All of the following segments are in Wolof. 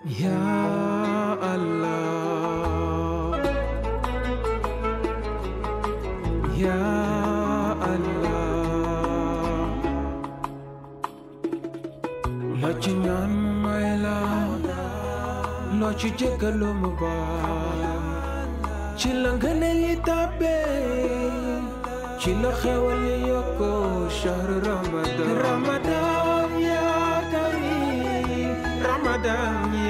Ya Allah Ya Allah Lo ci ñaan may la loo ci jéggalu mu baal ci la ngëneel yi tàbbe Ramadan Ramadan ya karim Ramadan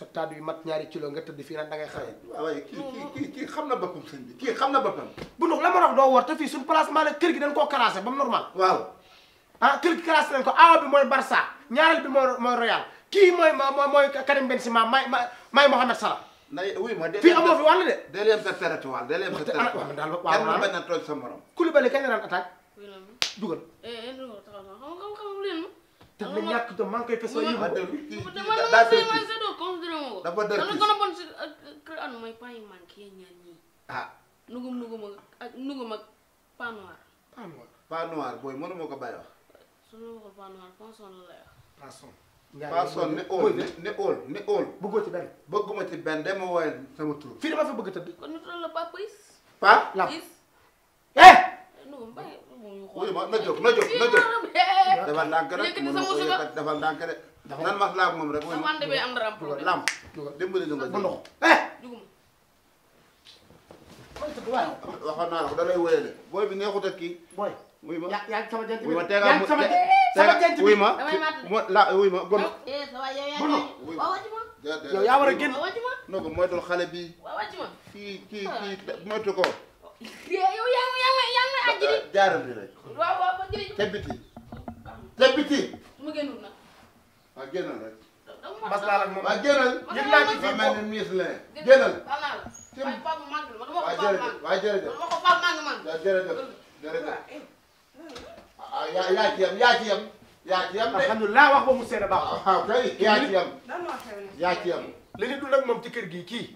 sa taat yu mat ñaari kilo nga tëdd fii naan da ngay xaye ah, waaye kii kii kii xam na boppam sëñ bi kii xam na boppam bu ndox la ma wax doo war te fii suñu placement la kër gi dañ koo classé ba mu normal waaw ah kër gi classé nañ ko aaw bi mooy Barça ñaareel bi mooy mooy Royal kii mooy mooy mooy Karim Benzema may may Mohamed Salah nay wuy ma fii amoo fi wàll de day leen sa teratu wàll day leen sa teratu wàll daal waaw bañ na tooj sa morom Koulibaly kañ la daan attaque dugal eh, eh, te na ñàkk ah, de man koy peso yi dafa dër piis gën a bon si uh, an mooy paa yu manqué yéen ñaar ñii. ah nugum nugum ak nugum ak paa noir. paa noir paa noir booy mënuma ko bàyyi wax. su ma waxul paa noir ponson la lay wax. ponson. façon ne óol ne óol ne óol bëggoo ci benn bëgguma ci benn dama woowee sama tur fii dama fi a tëdd kon ñu tuddal la paa pis paa la wuyu ma na jóg na jóg na jóg defal ndànk rek nan ma laab moom rek wuyu ma lam dimbali ñu nga jóg ndox waxoon naa bi neexut ak kii booy wuy ma yaa ngi sama jant bi yaa ngi sama jant bi wuy ma la wuy war a génn no ko moytul xale bi ki kii kii ah. moytu yow yaa ngi yaa ngi yaa ngi may àjjiri. jaaram eh, di rek. waaw waaw jërëjëf. te biti. te biti. mu génnul nag. waaw génnal rek. mas naa la ak moom waaw génnal. yëg naa ci fii mel ni miis la génnal. tim waaw Pape Mande ma dama ko Pape Mande. waaw jërëjëf dama ko Pape Mande man. waaw jërëjëf jërëjëf. ah yaa yaa ci yam yaa ci yam. yaa ci yam de alhamdulilah wax ba mu ah, seede ah, baax. waaw kay yaa ci yam. yaa ci yam. li ñu dund ak moom ci kër gi kii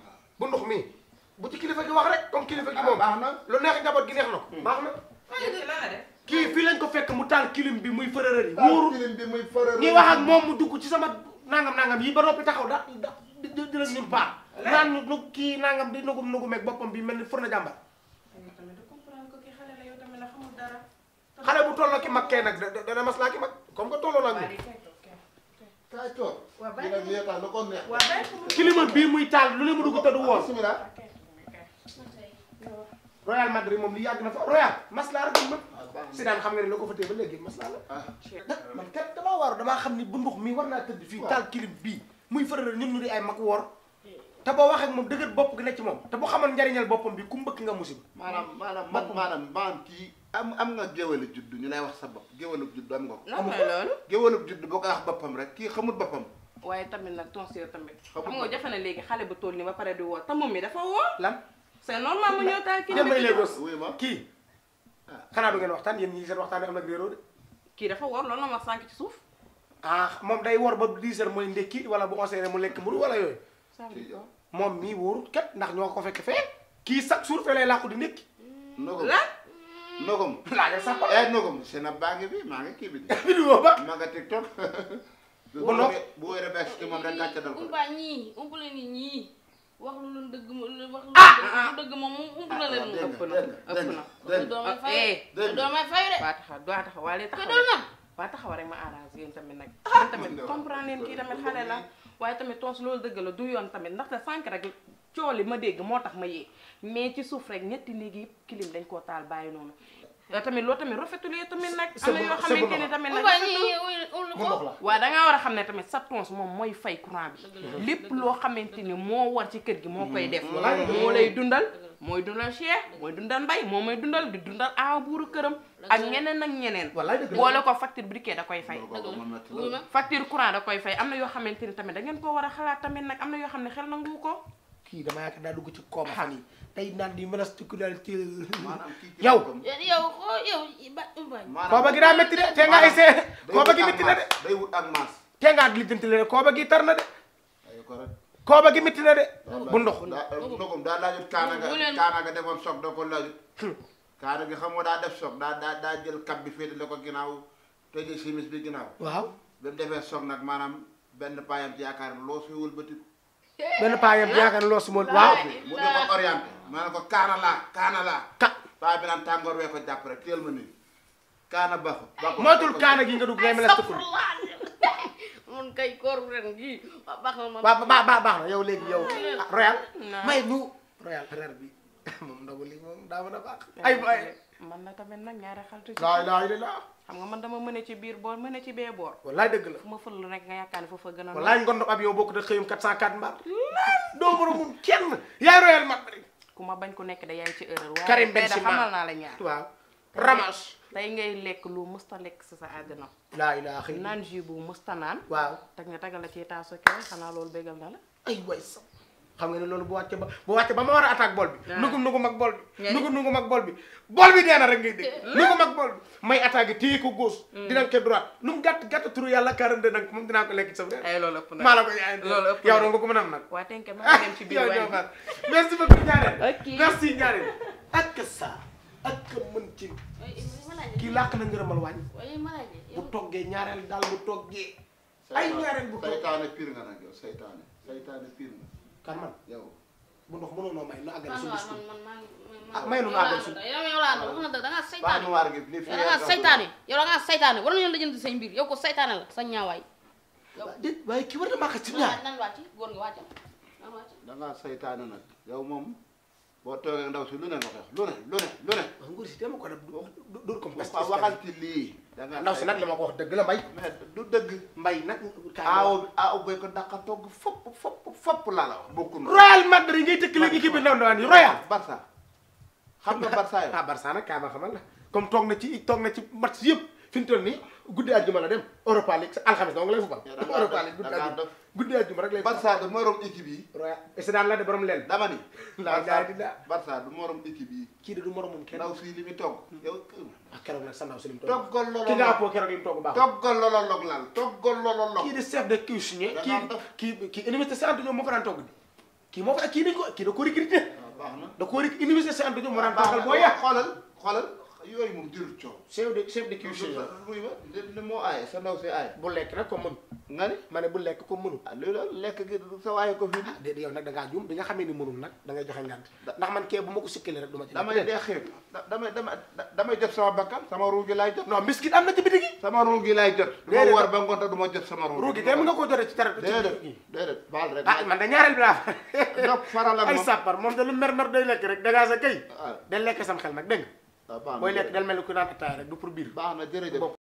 bu ndox mi. bu ci kilifa gi wax rek comme kilifa gi mom ah, baxna lu neex jabot gi neex na baxna ki fi lañ ko fekk mu taal kilim bi muy fërërër yi wóorul kilim bi muy fërërër ni wax ak mom mu dugg ci sama nangam nangam yi ba nopi taxaw da di la ñun baax nan lu ki nangam di nugum nugum ak bopam bi melni furna fur xale bu tollo ki makke nak nag dana maslaa ki mak comme ko tollo nak ñu bi muy tal lu ne mu dugg te du woon Royal Madrid mom li yag na fa Royal masla rek mom ci dan xam nga ni lako fa tee ba masla la ah. man kat dama war dama xam ni bumbux mi war naa tëdd fii kilim bi muy fërëra ñun ñu di ay mak wor eh. ta bo wax ak mom deugat bop gi ne ci moom te bu xamoon njariñal boppam bi ku mbëkk nga musib manam manam man manam man ki am am nga géwalub judd ñu lay wax sa bop géwalub judd am nga ko lan lool loolu géwalub judd boo ko wax bopam rek ki xamul bopam waye tamit nag tonseer tamit xam nga jafe na léegi xale bu tol ni ba pare di wo ta mom mi dafa wo lan c'est normal ma ñëw taal kii. may Lagos kii ah. xanaa du ngeen waxtaan yéen ñii seen waxtaan yi am na réeroo de. kii dafa wor loolu la ma sànq ci suuf. ah moom day wor ba 10 heures mooy ndékki wala bu 11 heures mu lekk mburu wala yooyu. Ah. moom mii wóorut kat ndax ñoo ko fekk fee. kii chaque jour fee lay làqu di ndékki. nogam la nogam. laajal sax ba eh nogam. seen ab baa ngi bi maa ngi kii bi. vidéo ba maa nga bu noo bu wóoree ba si moom rek gàcce dal ko. umba ñii umbu leen ñii. wax dëgg ma wax ah! dëgg moom moom ump na leen moom. Ah, ah, doo may fay de eh, doo may waa taxaw doo taxaw waaye taxaw rek ma arrangé yéen tamit nag. yéen tamit comprendre leen kii tamit xale la waaye tamit toos loolu dëgg la du yoon tamit ndaxte sànq rek cooli ma dégg moo tax ma yee mais ci suuf rek ñetti néeg yëpp kilim dañ koo taal bàyyi noonu. tamit loo tamit rafetul yow tamit nag. am na yoo xamante ni tamit nag rafetul waaw da ngaa war a xam ne tamit sa moom mooy fay courant bi. lépp loo xamante ni moo war ci kër gi moo koy def. moo lay dundal mooy dundal Cheikh mooy dundal mbay moo may dundal di dundal aaw buuru këram. ak ñeneen ak ñeneen. boole ko facture briquet da koy fay. facture courant da koy fay am na yoo xamante ni tamit da ngeen koo war a xalaat tamit nag am na yoo xam ne xel nangu ko kii dama yaakaar daa dugg ci koom xam yi tey naan di menace ci ku daal ci yow yow kooba gi daa métti de te nga essayé kooba gi métti na de day wut ak maas te nga lijjanti le de kooba gi tar na de kooba gi métti na de bu ndox ndogum daa laajut kaana nga kaana nga defoon soog da ko laajut hmm. kaana gi xam nga daa def soog daa daa daa jël kab bi féete la ko ginnaaw tëjee simis bi ginnaaw waaw ba mu defee soog nag maanaam benn paayam ci yaakaar loo suy wëlbatiku benn paa yam yaakaar na loosu moom waaw. mu di ma ne ko kaana laa kaana ka paa bi naan tàngoor wee jàpp rek teel ma nii kaana ba ko. mootul kaana gi nga dugg ngay mel ne sukkandu. mun kay kóor ren gii baax na ma. waaw ba baax na yow léegi yow. royal may nu royal frère bi moom ndogu li moom daa mën a ay ay. man na tamit nag ñaari xaritu ci laa ilaaha illallaah xam nga man dama mën ci biir boor mën a ci bee boor wallaay dëgg la fu ma fël rek nga yaakaar ne foofa gën a wallaay ngondom ab a yaay ku ma bañ ku nekk da yaay ci erreur waaye Karim Benzema xamal naa la ñaar waaw ramas tey ngay lekk lu musta lekk si sa àddina laa ilaaha illallaah naan jus bu musta naan waaw teg nga tegal la ci taasu xanaa loolu bégal na la ay way sam xam nga ne loolu bu wàcce ba bu wàcce ba ma war a attaque bol bi nugum nugum ak bol bi nugum nugum ak bol bi bol bi dee na rek ngay dégg nugum ak bol bi may attaqué téye ko gauche mm. dinañ ko droite lu mu gàtt gàtt turu yàlla karande nag moom dinaa ko lekk sa ay eh, loolu ëpp na maa la ko yaay loolu ëpp yow donc ko mën am nag waa tënk maa dem ci biir waay merci beaucoup ñaareel merci ñaareel ak sa ak mën ci kii làkk na ngërëmal wàññ bu toggee ñaareel daal bu toggee ay ñaareel bu toggee saytaane pire nga nag yow saytaane saytaane pire nga kan man yow bu ndox mënoon noo may nu àggale suñu discours man man man may nu nu àggale suñu yow yow laa wax na ah. dëgg da ngaa saytaane da ngaa saytaane yow da ngaa say mbir ko saytaane la sa ñaawaay déet waaye kii war na maa xas ci ñaar nan wàcc góor da ngaa saytaane nag yow moom boo toogee ndaw si lu ne nga koy wax lu ne lu ne lu ne. waaw nguur si téema ko nag du ko wax waxal ci lii. da nga ndaw si nag li ma ko wax dëgg la mbay. mais du dëgg. mbay nag. aaw aaw bay ko dàqa togg fopp fopp fopp laa la wax. bokkul Real Madrid ngay tëkk léegi kii bi ndaw ndawaan yi Royal. Barça xam nga Barça yow. ah Barça nag kaay ma xamal la comme toog na ci toog na ci match yëpp fi mu toll nii. guddi àjjuma dem Europa League alxames dong lay football. Europa League guddi àjjuma guddi àjjuma morom équipe yi. la de borom leen. dama ni. Barça Barça du morom équipe yi. kii de du moromum kenn. ndaw si li mu hmm. ki nga àppoo ah, keroog li mu baax. toggal lolo log laal toggal lolo log. kii de chef de cuisinier. kii kii kii université Cheikh di. kii moo fa kii dañ ah, baax na da ko yooyu moom jërul coow. chef de chef de cuisine la muy ma moo aaye sa ndaw si aaye. bu lekk nag ko mën. nga ne ma ne bu lekk ko mënul. Ah, lekk gi sa waaye ko fii di. ah déedéet yow nag da ngaa juum bi nga xamee ni mënul nag da ngay joxe ngant. ndax man kee bu ma ko sikkalee rek ma ci. damay dee xeeb damay damay damay jot sama bakkan sama ruu gi laay jot. non miskit am na ci biti gi. sama ruu gi jot. déedéet du ma war ba ngoon du ma jot sama ruu. ruu gi tey mën nga koo jotee ci terrain. déedéet déedéet baal rek. ah man de ñaareel bi laa fa. donc faral ak moom ay sàppar moom de lu mer mer day ah. xel nag dégg mooy ah, lekk del mel ni ku naan ataaya rek du pour biir. baax na jërëjëf